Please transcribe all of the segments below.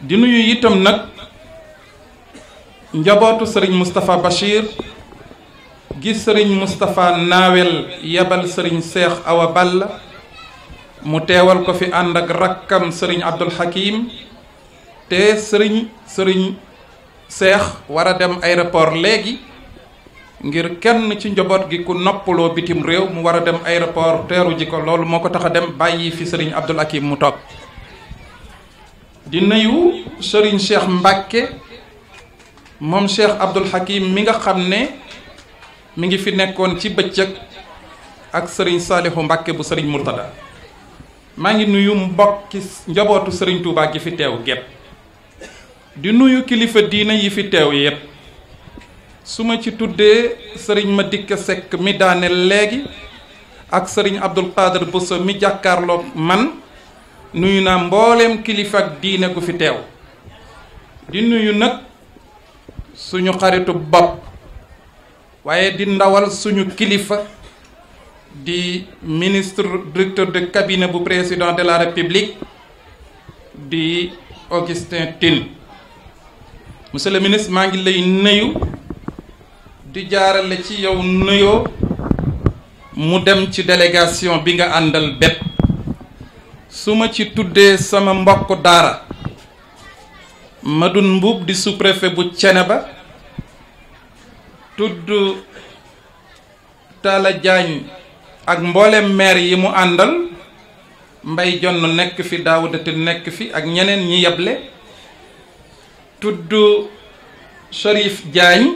di nuyu itam nag njabootu sëriñ Moustapha Bachir gi sëriñ Moustapha Nawel yebal sëriñ Cheikh Awa Balla mu teewal ko fi ànd ak rakkam sëriñ Abdul Hakim te sëriñ sëriñ Cheikh war a dem aéroport léegi ngir kenn ci njaboot gi ku noppaloo bitim réew mu war a dem aéroport teeru ji ko loolu moo ko tax a dem bàyyi fi sëriñ Abdul Hakim mu toog di nuyu Serigne Cheikh Mbacke moom Cheikh Abdoul Hakim mi nga xam ne mu ngi fi nekkoon ci bëccëg ak sëriñ Salihu Mbacke bu Serigne Murtada maa ngi nuyu mbokki njabootu sëriñ Touba gi fi teew gépp di nuyu kilifa diina yi fi teew yépp su ma ci tuddee Serigne Madick Seck mi daane léegi ak Serigne Abdoul Qadir Bousso mi jàkkaarloo man. nuyu naa mbooleem kilifa ak diine gu fi teew di nuyu nag suñu xaritu bopp waaye di ndawal suñu kilifa di ministre directeur de cabinet bu président de la république di Augustin Tine monsieur ministre maa ngi lay nuyu di jaarale ci yow nuyoo mu dem ci délégation bi nga àndal bépp su ma ci tuddee sama mbokk daara Madoune Mboup di sous bu bu ba tudd Talla Diagne ak mboolem maire yi mu àndal Mbay Jonn nekk fi Daouda nekk fi ak ñeneen ñi yeble tudd Chérif jaañ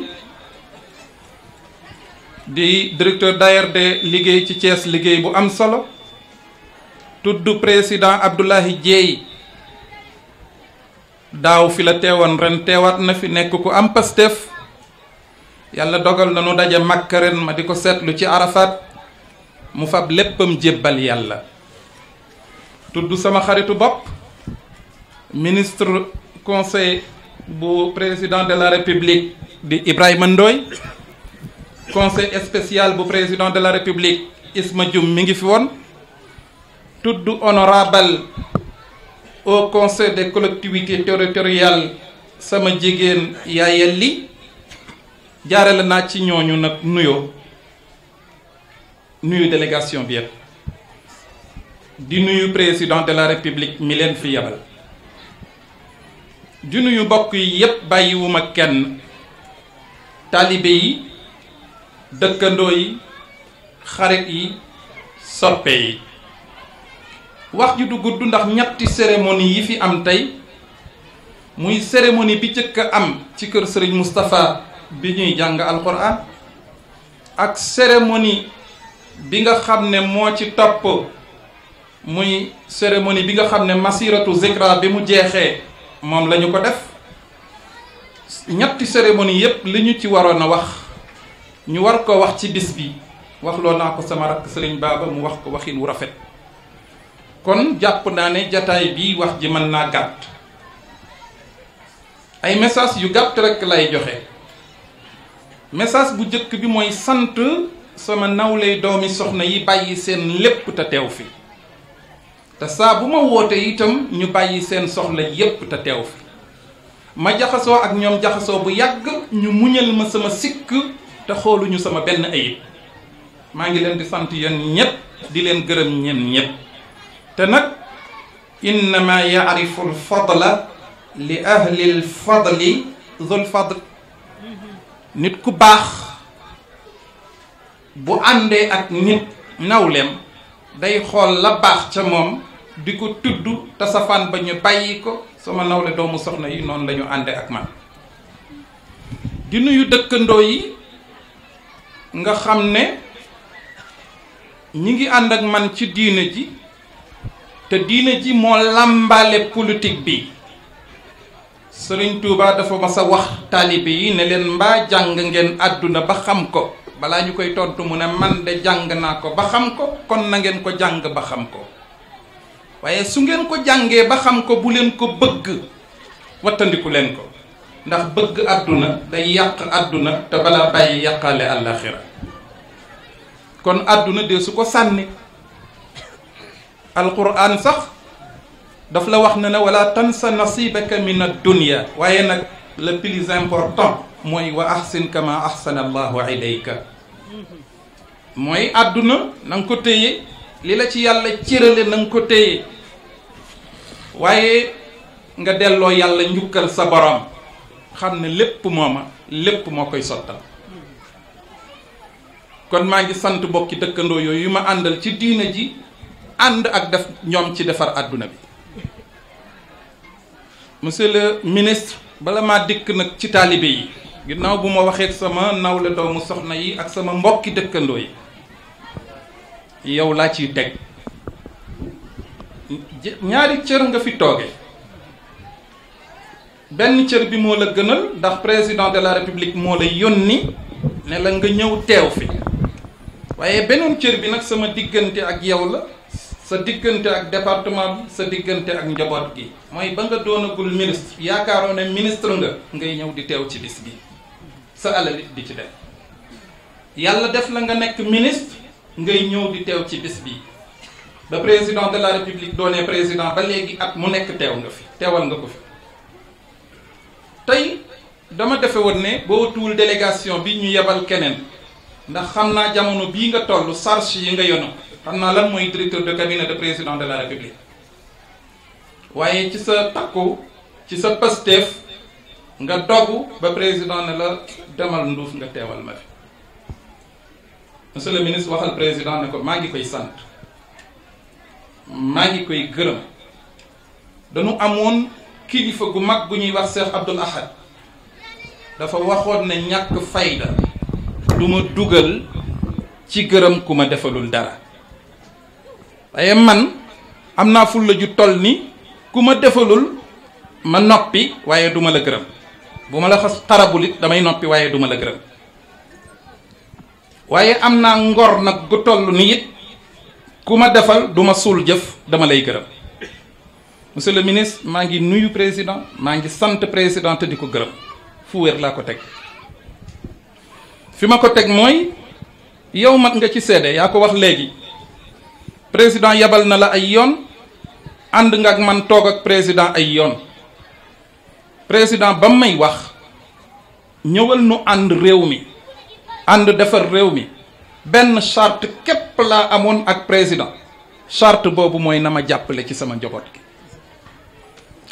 di directeur d'ailleurs de liggéey ci cees liggéey bu am solo tudd président Abdoulaye Dièye daaw fi la teewoon ren teewaat na fi nekk ku am Pastef yàlla dogal na nu daje Makka ren ma di ko seetlu ci Arafat mu fab léppam jébbal yàlla tudd sama xaritu bopp ministre conseil bu président de la république di Ibrahima Ndoye conseil spécial bu président de la république Isma Dioum mi ngi fi woon tudd honorable au conseil des collectivités territoriales sama jigéen yaayel li jaarale naa ci ñooñu nag nuyoo nuyu delegation bi di nuyu président de la république mi leen fi yabal di nuyu mbokk yi yépp bàyyiwuma kenn taalibe yi dëkkandoo yi xarit yi soppe yi wax ji du gudd ndax ñetti cérémonie yi fi am tey muy cérémonie bi jëkk a am ci kër Serigne Moustapha bi ñuy jàng alquran ak cérémonie bi nga xam ne moo ci topp muy seremoni bi nga xam ne masiratu zikra bi mu jeexee moom lañu ko def ñetti cérémonie yépp li ñu ci waroon a wax ñu war ko wax ci bis bi wax naa ko sama rakk Serigne Baba mu wax ko waxin wu rafet kon jàpp naa ne jataay bii wax ji mën naa gàtt ay message yu gàtt rekk lay joxe message bu jëkk bi mooy sant sama nawle doomi soxna yi bàyyi seen lépp te teew fi te saa bu ma woote itam ñu bàyyi seen soxla yépp te teew fi ma jaxasoo ak ñoom jaxasoo bu yàgg ñu muñal ma sama sikk te xooluñu sama benn ayib maa ngi leen di sant yéen ñépp di leen gërëm ñeen ñépp te nag innama yarifu alfadla li ahli alfadli zul fadl nit ku baax bu àndee ak nit nawleem day xool la baax ca moom di ko tudd te safaan ba ñu bàyyi ko sama nawle doomu soxna yi noonu lañu ànde ak man di nuyu dëkkandoo yi nga xam ne ñi ngi ànd ak man ci diina ji te diine ji moo làmbaale politik bi sëriñ tuuba dafa mas a wax taalibe yi ne leen mbaa jàng ngeen àdduna ba xam ko balaa ñu koy tontu mu ne man de jàng naa ko ba xam ko kon nangeen ko jàng ba xam ko waaye su ngeen ko jàngee ba xam ko bu leen ko bëgg wattandiku leen ko ndax bëgg àdduna day yàq àdduna te balaa bàyyi yàqaale àllaaxira kon àdduna de su ko sànni alquran sax daf la wax na ne wala tansa nasibaka min addunia waaye nag le plus important mooy wa ahsin kama ahsana allahu mooy àdduna nanga nga ko téye li la ci yàlla cërale nanga nga ko téye waaye nga delloo yàlla njukkal sa borom xam ne lépp mooma lépp moo koy sottal kon maa ngi sant bokki dëkkandoo yooyu yu ma àndal ci diina ji ànd ak def ñoom ci defar àdduna bi monsieur le ministre bala maa dikk nag ci taalibe yi ginnaaw bu ma waxee sama nawle doomu soxna yi ak sama mbokki dëkkandoo yi yow laa ciy teg ñaari cër nga fi tooge benn cër bi moo la gënal ndax président de la république moo la yónni ne la nga ñëw teew fi waaye beneen cër bi nag sama diggante ak yow la sa diggante ak département bi sa diggante ak njaboot gi mooy ba nga doonagul ministre yaakaaroon ne ministre nga ngay ñëw di teew ci bis bi sa alalit di ci dem yàlla def la nga nekk ministre ngay ñëw di teew ci bis bi ba président de la république doonee président ba léegi at mu nekk teew nga fi teewal nga ko fi tey dama defe woon ne boo tuul délégation bi ñu yebal keneen ndax xam naa jamono bii nga toll charge yi nga yono xam naa lan mooy directeur de cabinet de président de la république waaye ci sa takku ci sa pasteef nga dogu ba président ne la demal nduuf nga teewal ma fi monsieur le ministre waxal président ne ko maa ngi koy sant maa ngi koy gërëm danu amoon kilifa gu mag gu ñuy wax Cheikh Abdoul Ahad dafa waxoon ne ñàkk fayda du ma dugal ci gërëm ku ma defalul dara waaye man am naa ful ju toll ni ku ma defalul ma noppi waaye duma la gërëm bu ma la xas xarabul it damay noppi waaye duma la gërëm waaye am naa ngor nag gu toll ni it ku ma defal duma suul jëf dama lay gërëm monsieur le ministre maa ngi nuyu président maa ngi sant président te di ko gërëm fu laa ko teg fi ma ko teg mooy yow mat nga ci seede yaa ko wax léegi président yabal na la ay yoon ànd nga man toog ak président ay yoon président ba may wax ñëwal nu ànd réew mi ànd defar réew mi benn charte képp laa amoon ak président charte boobu mooy na ma jàppale ci sama njaboot gi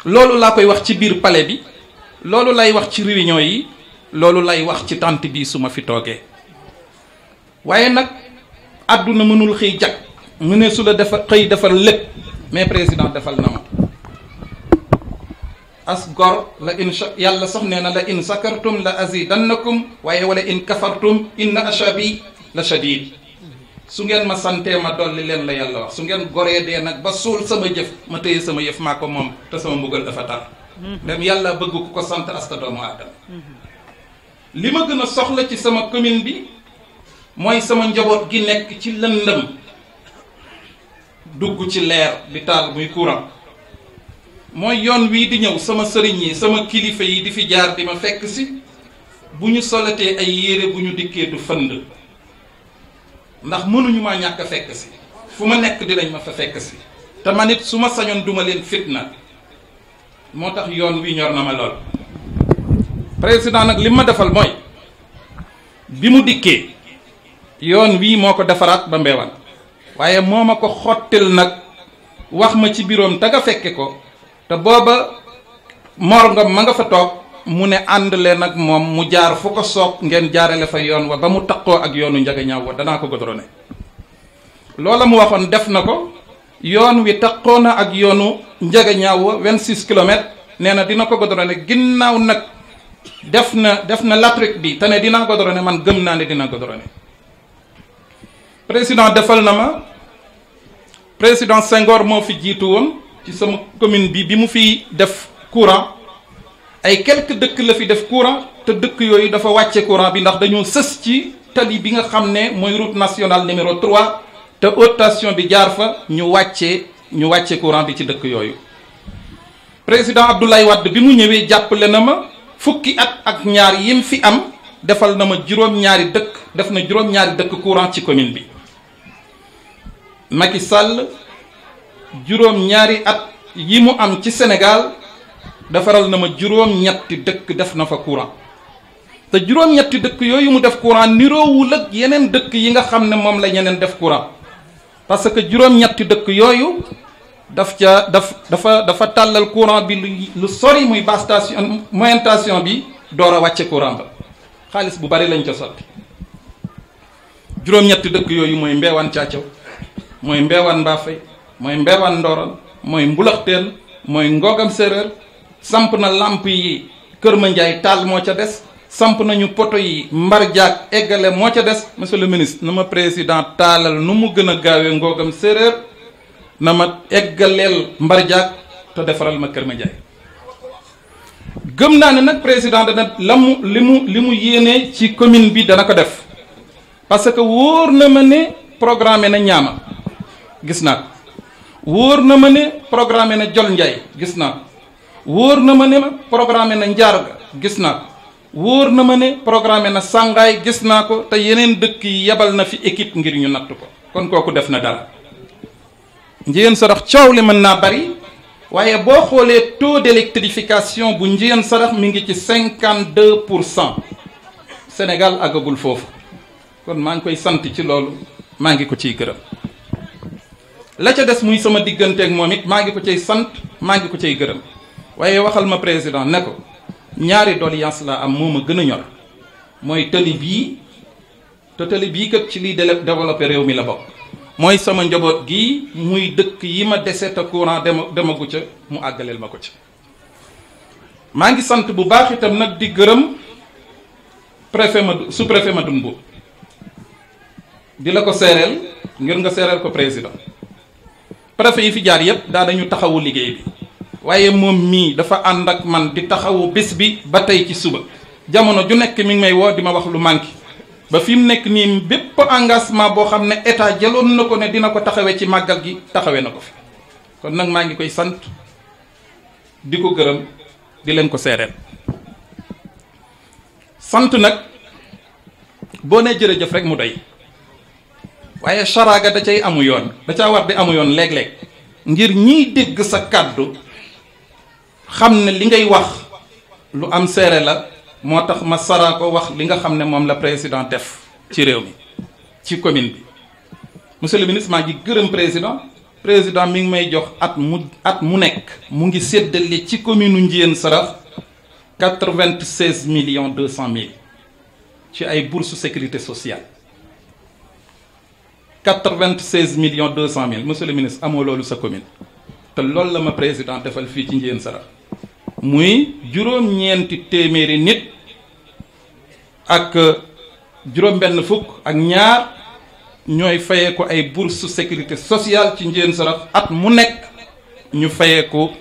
loolu laa koy wax ci biir pale bi loolu lay wax ci réunion yi loolu lay wax ci tànt bii su ma fi toogee waaye nag àdduna mënul xëy jag mu ne su la defar xëy defar lépp mais président defal na ma as gor la in sha yàlla sax nee na la in sakartum la azidannakum waaye wala in kafartum inna bi la shadid su ngeen ma santee ma dolli leen la yàlla wax su ngeen goree dee nag ba suul sama jëf ma téye sama yëf maa ko moom te sama mbugal dafa tar mm-hmm. dem yàlla bëgg ku ko sant asta doomu aadama mm-hmm. li ma gën a soxla ci sama commune bi mooy sama njaboot gi nekk ci lëndëm dugg ci leer di taal muy courant mooy yoon wii di ñëw sama sëriñ yi sama kilifa yi di fi jaar di ma fekk si bu ñu solatee ay yére bu ñu dikkee du fënd ndax mënuñu maa ñàkk a fekk si fu ma nekk dinañ ma fa fekk si te man it su ma sañoon duma leen fitna moo tax yoon wi ñor na ma lool président nag li ma defal mooy bi mu dikkee yoon wii moo ko defaraat ba mbeewal waaye moo ma ko xottil nag wax ma ci biroom te nga fekke ko te booba Mor Ngom ma nga fa toog mu ne ànd leen ak moom mu jaar fu ko soog ngeen jaarale fa yoon wa ba mu taqoo ak yoonu njagañaaw wa danaa ko godrone loola mu waxoon def na ko yoon wi taqoo na ak yoonu njege njagañaaw wa 26 kilomètres nee na dina ko godrone ginnaaw nag def na def na latrik bi te ne dinaa godrone man gëm naa ne dina godrone président defal na ma président Senghor moo fi jiitu woon ci sama commune bi bi mu fi def courant ay quelques dëkk la fi def courant te dëkk yooyu dafa wàcce courant bi ndax dañoo sës ci tali bi nga xam ne mooy route national numéro 3 te haute bi jaar fa ñu wàccee ñu wàcce courant bi ci dëkk yooyu président Abdoulaye Wade bi mu ñëwee jàppale na ma fukki at ak ñaar yim fi am defal na ma juróom-ñaari dëkk def na juróom-ñaari dëkk courant ci commune bi Macky Sall juróom ñaari at yi mu am ci Sénégal defaral na ma juróom ñetti dëkk def na fa courant te juróom ñetti dëkk yooyu mu def courant niroowul ak yeneen dëkk yi nga xam ne moom la ñeneen def courant parce que juróom ñetti dëkk yooyu daf ca daf dafa dafa tàllal courant bi lu sori muy basse station bi door a wàcce courant ba xaalis bu bari lañ ca sotti juróom ñetti dëkk yooyu mooy Mbeewaan Caacaw mooy mbeewaan mbaafay mooy mbeewaan ndooral mooy mbulaxteel mooy ngoogam séréer samp na làmp yi kër ma njaay taal moo ca des samp nañu poto yi mbar jaag eggale moo ca des monsieur le ministre na ma président taalal nu mu gën a gaawee ngoogam séeréer na ma eggaleel mbar jaag te defaral ma kër ma njaay gëm naa ne nag président dana la li mu li mu yéene ci commune bi dana ko def parce que wóor na ma ne programme na ñaama gis naa ko wóor na ma ne programme na Jol Njaay gis naa ko wóor na ma ne programme na Njaarga gis naa ko wóor na ma ne programme na Sàngaay gis naa ko te yeneen dëkk yi yebal na fi équipe ngir ñu natt ko kon kooku def na dal njiyeen sarax coow li mën naa bari waaye boo xoolee taux d'électrification bu njiyeen sarax mi ngi ci cinquante deux pour cent Sénégal àggagul foofu kon maa ngi koy sant ci loolu maa ngi ko ciy gërëm la ca des muy sama diggante ak moom it maa ngi ko cay sant maa ngi ko cay gërëm waaye waxal ma président ne ko ñaari doléance la am moo ma gën a ñor mooy tëli bii te tëli bii kat ci liy développé réew mi la bokk. mooy sama njaboot gi muy dëkk yi ma dese te courant demagu ca mu àggaleel ma ko ci maa ngi sant bu baax itam nag di gërëm préfet ma sous préfet ma Madumbu di la ko seereel ngir nga seereel ko président. préfet yi fi jaar yëpp daa dañu taxawu liggéey bi waaye moom mii dafa ànd ak man di taxawu bés bi ba tey ci suba jamono ju nekk mi ngi may woo di ma wax lu manqué ba fi mu nekk nii bépp engagement boo xam ne état jëloon na ko ne dina ko taxawee ci màggal gi taxawee na ko fi kon nag maa ngi koy sant di ko gërëm di leen ko seereel sant nag boo ne nee jëf rek mu doy waaye sharaaga da cay amu yoon da caa war di amu yoon léeg ngir ñiy dégg sa kàddu xam ne li ngay wax lu am seere la moo tax ma saraa ko wax li nga xam ne moom la président def ci réew mi ci commune bi monsieur le ministre maa ngi gërëm président président mi ngi may jox at mu at mu nekk mu ngi séddale ci commune Ndiéyène sara quatre-vingt-seize millions deux cent mille ci ay bourse sécurité sociale 96 millions 200 mille monsieur le ministre amoo loolu sa commune te loolu la ma président defal fii ci Ndiéyène Sarax muy juróom-ñeenti téeméeri nit ak euh, juróom-benn fukk ak ñaar ñooy fayee ko ay bourse sécurité sociale ci Ndiéyène Sarax at mu nekk ñu fayee ko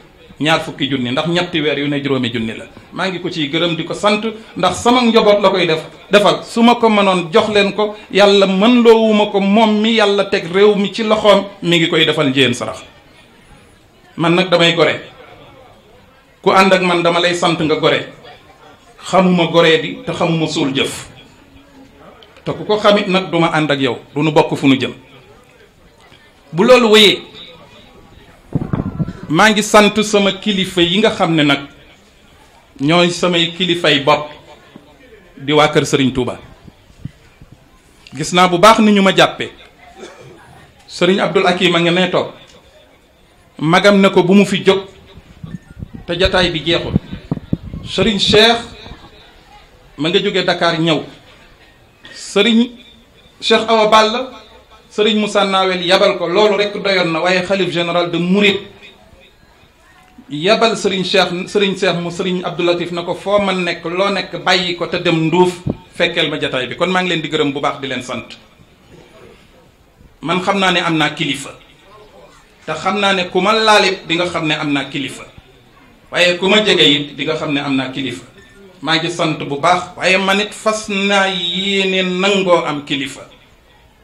ñaar fukki junni ndax ñetti weer yu ne juróomi junni la maa ngi ko ciy gërëm di ko sant ndax sama njaboot la koy def defal su ma ko mënoon jox leen ko yàlla mën loowuma ko moom mi yàlla teg réew mi ci loxoom mi ngi koy defal njéen sarax man nag damay gore ku ànd ak man dama lay sant nga gore xamuma gore di te xamuma suul jëf te ku ko xamit nag duma ànd ak yow du nu bokk fu nu jëm bu loolu wéyee maa ngi sant sama kilifa yi nga xam ne nag ñooy samay kilifay bopp di waa kër Serigne Touba gis naa bu baax ni ñu ma jàppee sëriñ Abdul Akim a nga nee toog magam ne ko bu mu fi jóg te jataay bi jeexul Serigne Cheikh ma nga jóge dakaar ñëw sëriñ Cheikh Awa Balla Serigne Moussa Nawel yabal ko loolu rek doyoon na waaye xalif général de Mouride. yabal sëriñ Cheikh sëriñ Cheikh mu sëriñ Abdou na ko foo man nekk loo nekk bàyyi ko te dem nduuf fekkeel ma jataay bi kon maa ngi leen di gërëm bu baax di leen sant man xam naa ne am naa kilifa te xam naa ne ku ma laalit di nga xam ne am naa kilifa waaye ku ma jege it xam ne am naa kilifa maa ngi sant bu baax waaye man it fas naa yéene nangoo am kilifa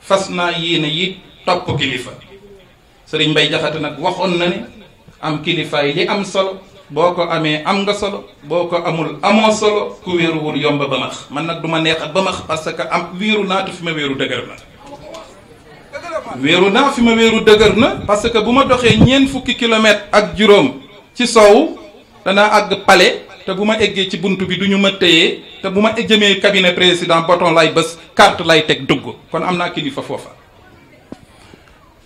fas naa yéene yi topp kilifa sëriñ Mbay Jaxate nag waxoon na ne am kilifaay li am solo boo ko amee am nga solo boo ko amul amoo solo ku wéeruwul yomba ba max man nag du ma neex ak ba max parce que am wéeru naa te fi ma wéeru dëgër na wéeru ma wéeru dëgër na parce que bu ma doxee ñeent fukki kilomètre ak juróom ci soow danaa àgg pale te bu ma éggee ci bunt bi du ñu ma téye te bu ma jëmee cabinet président bouton lay bës carte lay teg dugg kon am naa kilifa foofa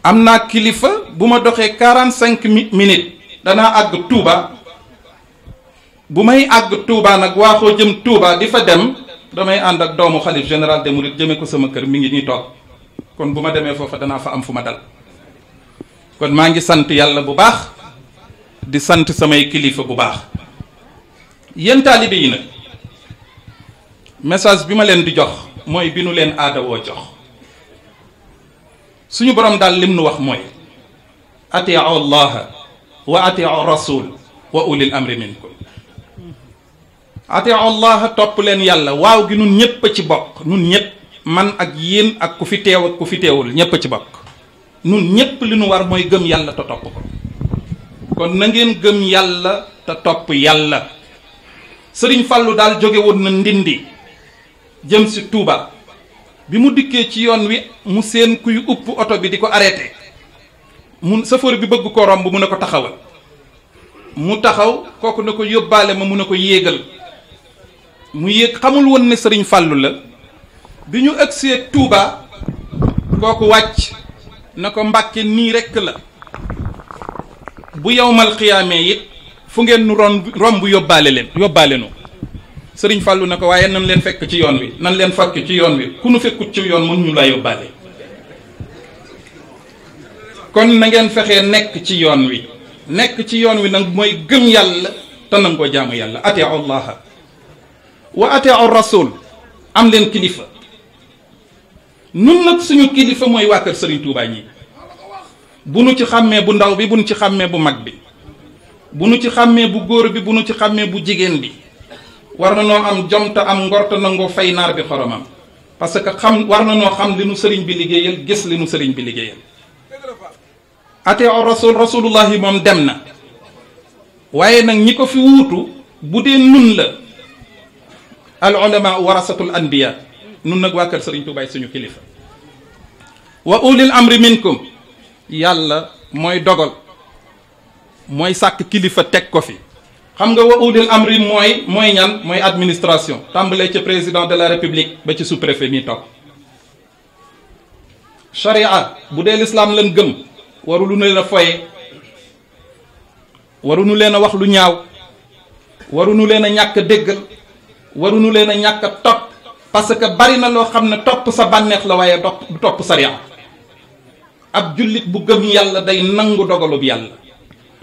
am naa kilifa bu ma doxee quarante cinq minutes danaa àgg tuuba bu may àgg Touba nag waa koo jëm Touba di fa dem damay ànd ak doomu xalif général des mourides jëmee ko sama kër mi ngi ñuy toog kon bu ma demee foofa danaa fa am fu ma dal kon maa ngi sant yàlla bu baax di sant samay kilifa bu baax yéen taalibe yi nag message bi ma leen di jox mooy bi nu leen aada woo jox suñu borom daal lim nu wax mooy atiu allaha wa atiu rasul wa ulil amri topp leen yàlla waaw gi nun ñépp a ci bokk nun ñépp man ak yéen ak ku fi teew ku fi teewul ñépp a ci bokk nun ñépp li nu war mooy gëm yàlla te topp ko kon na gëm yàlla te topp yàlla sëriñ fàllu daal jóge na ndindi jëm si tuuba bi mu dikkee ci yoon wi mu seen kuy upp oto bi di ko arrêté mun sëfoor bi bëgg ko romb mun ne ko taxawal mu taxaw kooku na ko yóbbaale ma mu ne ko yéegal mu yéeg xamul woon ne sëriñ fàllu la bi ñu agsee Touba kooku wàcc na ko mbàkke nii rekk la bu yowmal xiyaamee it fu ngeen romb yóbbaale leen yóbbaale nu sëriñ fàllu na ko waaye nan leen fekk ci yoon wi nan leen fekk ci yoon wi ku nu fekku ci yoon mën ñu la yóbbaale kon na fexee nekk ci yoon wi nekk ci yoon wi nag mooy gëm yàlla te nangoo jaamu yàlla atiu allaha wa atiu rasul am leen kilifa nun nag suñu kilifa mooy waa kër sëriñ tuubaa ñi bu nu ci xàmmee bu ndaw bi bu nu ci xàmmee bu mag bi bu nu ci xàmmee bu góor bi bu nu ci xàmmee bu jigéen bi war na noo am jom te am ngor te nangoo fay naar bi xoromam parce que xam war na noo xam li nu sëriñ bi liggéeyal gis li nu sëriñ bi liggéeyal ate o rasul moom dem na waaye nag ñi ko fi wuutu bu dee nun la al ulama warasatul anbiya nun nag waa kër sëriñ Tuubaay suñu kilifa wa ulil amri minkum yàlla mooy dogal mooy sàkk kilifa teg ko fi xam nga wa udil amri mooy mooy ñan mooy administration tàmbalee ca président de la république ba ci sous-préfet mi toog charia bu dee lislaam lan gëm warulu leen a foye warunu leen a wax lu ñaaw warunu leen a ñàkk déggal warunu leen a ñàkk topp parce que bari na loo xam ne topp sa bànneex la waaye topp du topp charia ab jullit bu gëm yàlla day nangu dogalub yàlla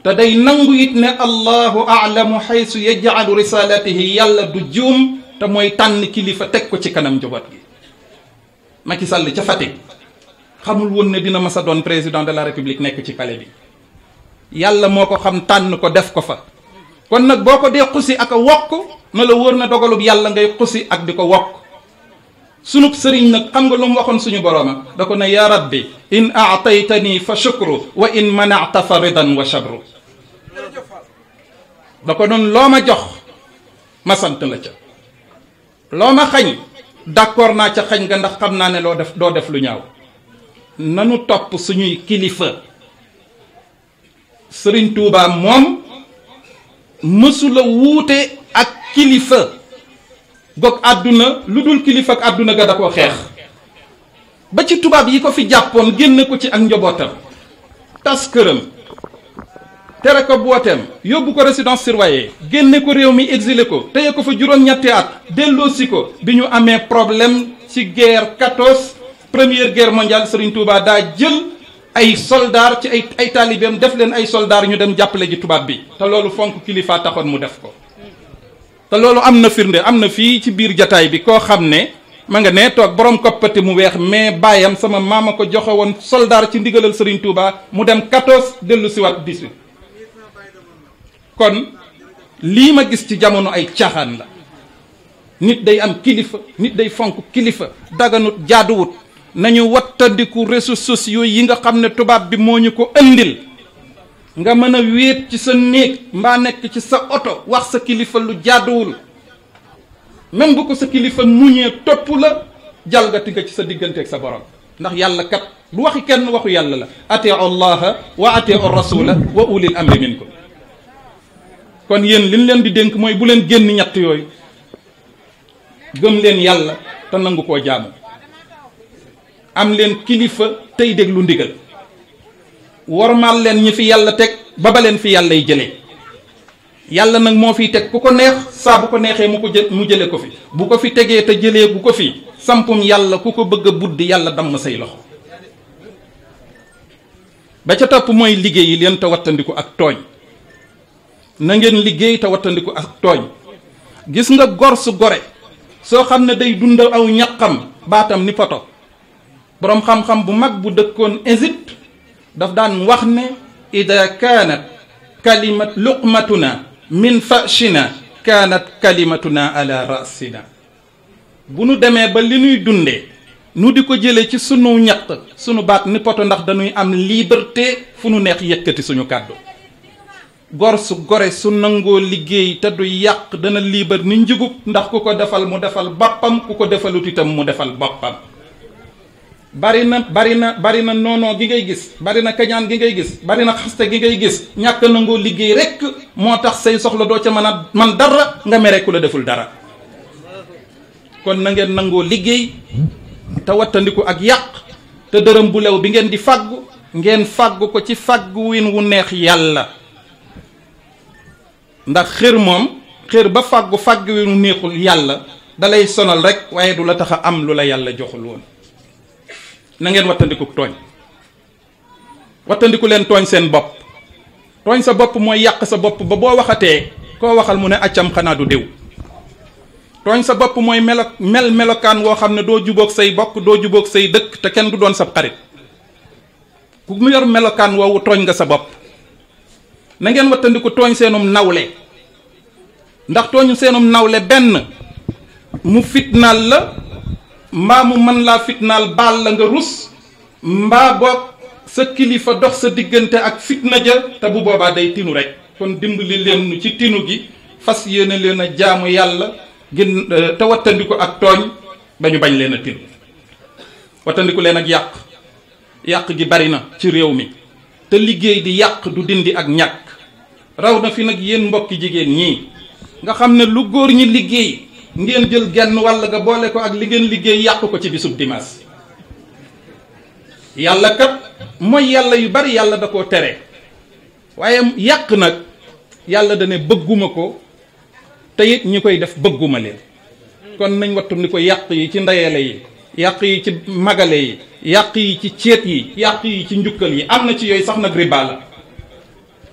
te day nangu it ne allahu aalamu xaysu yajcalu risalatihi yàlla du juum te mooy tànn kilifa teg ko ci kanam njaboot gi Macky Sall ca Fatick xamul woon ne dina mas a doon président de la république nekk ci pale bi yàlla moo ko xam tànn ko def ko fa kon nag boo ko dee xusi ak a wokk na la wóor na dogalub yàlla ngay xusi ak di ko wokk sunub sëriñ nag xam nga lu mu waxoon suñu borooma da ko ne yaa rabbi in aataytani fa shukru wa in manata fa ridan wa shabru da ko doon loo ma jox ma sant la ca loo ma xañ d'accord naa ca xañ nga ndax xam naa ne loo def doo def lu ñaaw nanu topp suñuy kilifa sëriñ Tuubaa moom mësula wuute ak kilifa gog àdduna lu dul kilifa ak àdduna ga da xeex ba ci tubaab yi ko fi jàppoon génne ko ci ak njabootam tas këram tere ko booteem yóbbu ko résidence surveillée génne ko réew mi exilé ko téye ko fa juróom-ñetti at delloosi ko bi ñu amee problème ci guerre 14 première guerre mondial Serigne Touba daa jël ay soldaar ci ay ay taalibeem def leen ay soldaar ñu dem jàppale ji tubaab bi te loolu fonk kilifa taxoon mu def ko te loolu am na firnde am na fii ci biir jataay bi koo xam ne ma nga ne toog boroom koppati mu weex mais baayam sama maam a ko joxe woon soldaar ci ndigalal Serigne Touba mu dem 14 dellu si waat 18 kon lii ma gis ci jamono ay caaxaan la nit day am kilifa nit day fonk kilifa daganut jaaduwut nañu wattandiku réseaux sociaux yi nga xam ne tubaab bi moo ñu ko ëndil nga mën a wéet ci sa néeg mbaa nekk ci sa oto wax sa kilifa lu jàdduwul même bu ko sa kilifa muñee topp la jalgati nga ci sa digganteeg sa borom ndax yàlla kat bu waxi kenn waxu yàlla la atiu allaha wa atiu rasula wa ulil amri minkum kon yéen liñ leen di dénk mooy bu leen génn ñett yooyu gëm leen yàlla te nangu koo jaamu am leen kilifa tey déglu ndigal wormaal leen ñi fi yàlla teg ba ba leen fi yàlla yi jëlee yàlla nag moo fiy teg ku ko neex saa bu ko neexee mu ko jë mu jëlee ko fi bu ko fi tegee te jëlee bu ko fi sampum yàlla ku ko bëgg a buddi yàlla damm say loxo ba ca topp mooy liggéey leen te wattandiku ak tooñ na ngeen liggéey te wattandiku ak tooñ gis nga gor su gore soo xam ne day dund aw ñaqam baatam ni poto boroom xam-xam bu mag bu dëkkoon Égypte daf daan wax ne ida kaanat kalimat na min fashina kaanat na ala rasina bu nu demee ba li nuy dundee nu di ko jële ci sunu ñaq sunu baat ni poto ndax dañuy am liberté fu nu neex yëkkati suñu kàddu gor su gore su nangoo liggéey te du yàq dana liibar ni njugub ndax ku ko defal mu defal boppam ku ko defalut itam mu defal boppam bari na bari na bari na noonoo gi ngay gis bari na kañaan gi ngay gis bari na xaste gi ngay gis ñàkk nangoo liggéey rek moo tax say soxla doo ca mën a man dara nga mere ku la deful dara kon na ngeen nangoo liggéey te wattandiku ak yàq te dërëm bu lew bi ngeen di fàggu ngeen fàggu ko ci fàggu win wu neex yàlla ndax xër moom xér ba fàggu fàggu win neexul yàlla dalay sonal rek waaye du la tax a am lu la yàlla joxul woon na ngeen wattandiku tooñ wattandiku leen tooñ seen bopp tooñ sa bopp mooy yàq sa bopp ba boo waxatee koo waxal mu ne accam xanaa du diw tooñ sa bopp mooy melo mel melokaan woo xam ne doo jubóog say bokk doo jubóog say dëkk te kenn du doon sab xarit ku yor melokaan woowu tooñ nga sa bopp na ngeen wattandiku tooñ seenum nawle ndax tooñ seenum nawle benn mu fitnaal la mbaa mu mën laa fitnaal baal la nga rus mbaa boog sa kilifa dox sa diggante ak fitna ja te bu boobaa day tinu rekk kon dimbali leen nu ci tinu gi fas yéene leen a jaamu yàlla gën e, te wattandiku ak tooñ ba ñu bañ leen a tinu wattandiku leen ak yàq yàq gi bari na ci réew mi te liggéey di yàq du dindi ak ñàkk raw na fi nag yéen mbokki jigéen ñii nga xam ne lu góor ñi liggéey ngeen jël genn wàll nga boole ko ak li ngeen liggéey yàq ko ci bisub dimaas yàlla kat mooy yàlla yu bari yàlla da koo tere waaye yàq nag yàlla da ne bëgguma ko te it ñi koy def bëgguma leen kon nañ wattu ni ko yàq yi ci ndeyale yi yàq yi ci magale yi yàq yi ci ceet yi yàq yi ci njukkal yi am na ci yooyu sax nag riba la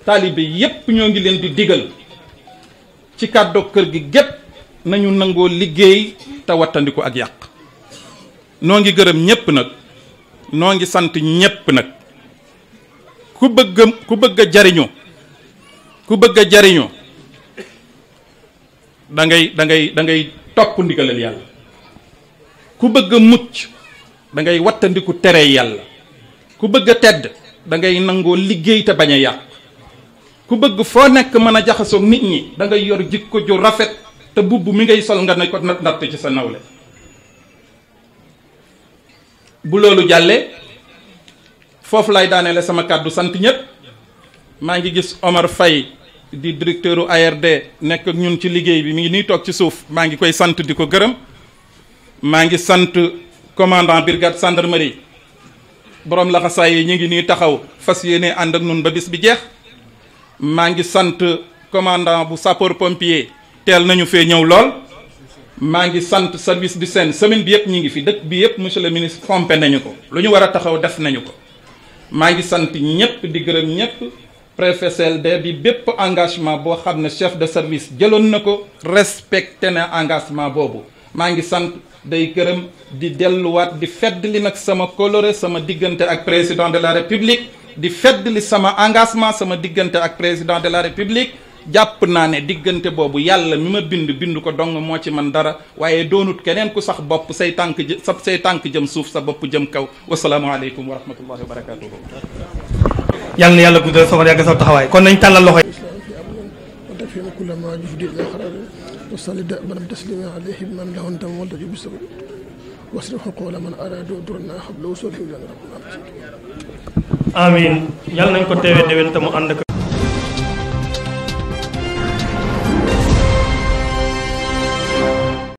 taalibe yépp ñoo ngi leen di digal ci kàddu kër gi gépp nañu nangoo liggéey te wattandiku ak yàq noo ngi gërëm ñépp nag noo ngi sant ñépp nag ku bëgg ku bëgg a jariñu ku bëgg a jariñu dangay ngay dangay ngay da ngay topp ndigalal yàlla ku bëgg mucc da ngay wattandiku tere yàlla ku bëgg a tedd dangay nangoo liggéey te bañ a yàq ku bëgg foo nekk mën a jaxasook nit ñi dangay yor jikko ju rafet te bubb mi ngay sol nga ne ko natt ci sa nawle bu loolu jàllee foofu lay daaneele sama kàddu sant ñëpp maa ngi gis Omar fay di directeuru ARD nekk ak ñun ci liggéey bi mi ngi ni toog ci suuf maa ngi koy sant di ko gërëm maa ngi sant commandant brigade gendarmerie boroom laxasaay yi ñu ngi nii taxaw fas yéene ànd ak ñun ba bis bi jeex maa ngi sant commandant bu sapeur pompier teel nañu fee ñëw lool maa ngi sant service du SEN semaine bi yëpp ñu ngi fi dëkk bi yëpp monsieur le ministre fompé nañu ko lu ñu war a taxaw def nañu ko maa ngi sant ñëpp di gërëm ñëpp préfet CLD bi bépp engagement boo xam ne chef de service jëloon na ko respecté na engagement boobu maa ngi sant day gërëm di delluwaat di fedd li nag sama coloré sama diggante ak président de la république di fedd li sama engagement sama diggante ak président de la république jàpp naa ne diggante boobu yàlla mi ma bind bind ko dong moo ci man dara waaye doonut keneen ku sax bopp say tànk jë sa say tànk jëm suuf sa bopp jëm kaw wasalaamaaleykum wa rahmatullahi wa barakaatuhu yàlla na yàlla guddal sa war yàgg sa taxawaay kon nañ tàllal loxo وصل دائما تسليما عليه من له انت مولد بسر واصرف قول من اراد درنا قبل وصول الى امين يلا نكو تيوي ديوين تمو عندك